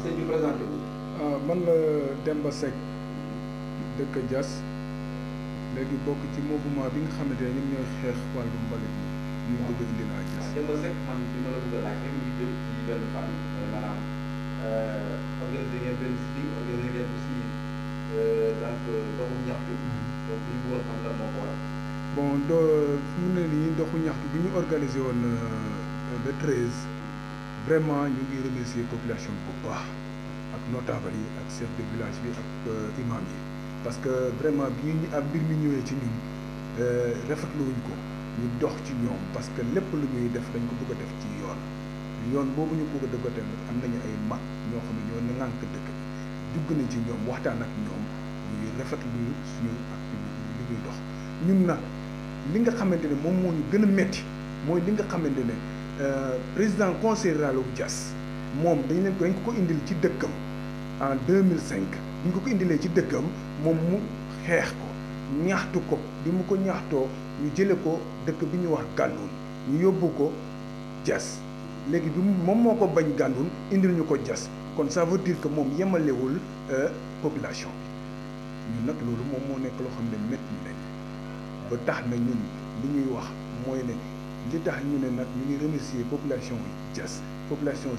sëñ bi ah, man la ba Seck dëkk Diass léegi bokk ci mouvement bi nga xamante ne ñoom ñooy xeex wàllu mbalit mi ñu bëgg indi ah, a laaj rek fi mu ne nii doxu ñaxtu bi ñu organisé woon euh, le treize. vraiment nous ngi remercier population de avec ak le chef de village euh, parce que vraiment bi nous avons nous nous nous ci nous euh, parce que les lu def dañ ko nous nous ci yoon yoon nous ñu nous nous am nous nous des nous ñoo nous ngànk nous nous nous ci nous Nous, ak des nous nous suñu ak nous nous dox nous Euh, président conseil rural bu Diass moom dañ leen dañ ko ko indil ci dëkkam en 2005 bu ñu ko ko indilee ci dëkkam moom mu xeex ko ñaxtu ko bi mu ko ñaxtoo ñu jële ko dëkk bi ñu wax gàndun ñu yóbbu ko Diass léegi bi moom moo ko bañ gàndun indil ñu ko Diass kon ça veut que moom yemalewul euh, population bi ñun nag loolu moom moo nekk loo xam ne métti nañ ba tax na ñun li ñuy wax mooy ne Nous tax ñu ne de ñu remercier population population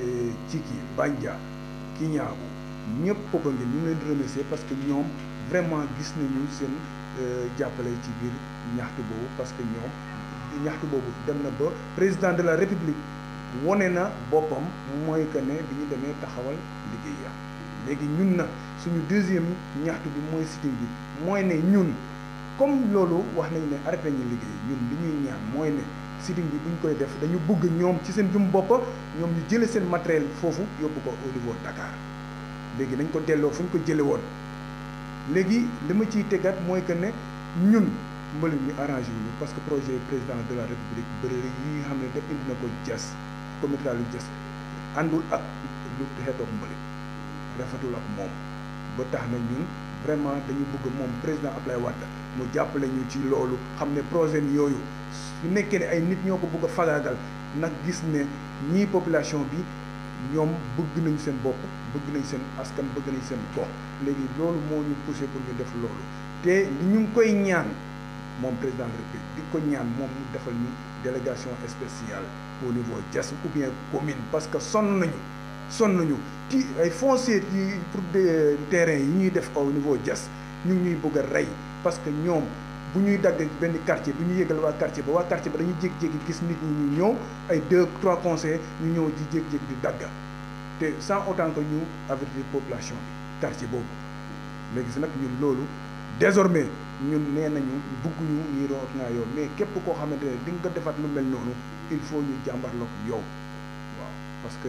eh, Bandia Kiñaabu Nous remercions ñu parce que ñoom vraiment gis nañu eh, ci parce que nous ñaxtu boobu dem na président de la république wone na boppam que taxawal ya ñun deuxième ñaxtu bi comme lolu wax nañ ne arrêté ñu liggéey ñun li ñuy ñaan mooy ne sitting bi buñ koy def dañu bëgg ñoom ci seen jum bopp ñoom ñu jëlee seen matériel foofu yóbbu ko au niveau Dakar léegi nañ ko delloo fu ñu ko jëlee woon léegi li ma ciy tegaat mooy que ne ñun mbalit ñu arrangé wu parce que projet président de la république bëri yi nga xam ne def indi na ko jas comité lu jas andul ak lu xeetoog mbalit refatul ak moom ba tax na ñun vraiment dañu bëgg moom président Ablaye Wade mu jàppale ñu ci loolu xam ne projet yooyu su nekkee ne ay nit ñoo ko bëgg a fagaagal nag gis ne ñii population bi ñoom bëgg nañ seen bopp bëgg nañ seen askan bëgg nañ seen gox léegi loolu moo ñu poussé pour ñu def loolu te ñu ngi koy ñaan moom président de République di ko ñaan moom mu defal ñu délégation spéciale au niveau Diass ou bien commune parce que sonn nañu sonn nañu fait pour des terrains def au niveau de ñu ñuy bëgg parce que ñoom bu ñuy dagg benn quartier bu ñu yëgal quartier ba waa quartier ba dañuy gis nit ñu ñëw ay deux trois conseils ñu ñëw di di te sans autant que ñu avertir population bi quartier Mais mais gis nag ñun loolu désormais ñun nee nañu bugguñu ñuy root mais képp koo xamante di nga nous lu mel noonu il faut ñu parce que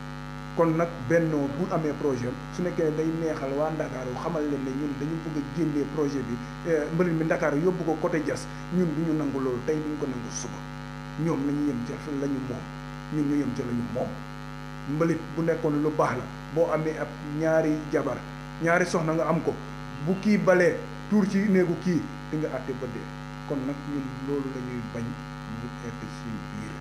kon nag Benno bu amee projet su nekkee day neexal waa Ndakaaru xamal leen ne ñun dañu bëgg a génnee projet bi eh, mbalit mi Ndakaaru yóbbu ko coté Diass ñun du ñu nangu loolu tey duñ ko nangu suba ñoom nañu yem ca la ñu moom ñu yem ca la ñu moom mbalit bu nekkoon lu baax la boo amee ab ñaari jabar ñaari soxna nga am ko bu kii balee tuur ci néegu kii di nga àtte ba dee kon nag ñun loolu la ñuy bañ mu egg suñu biir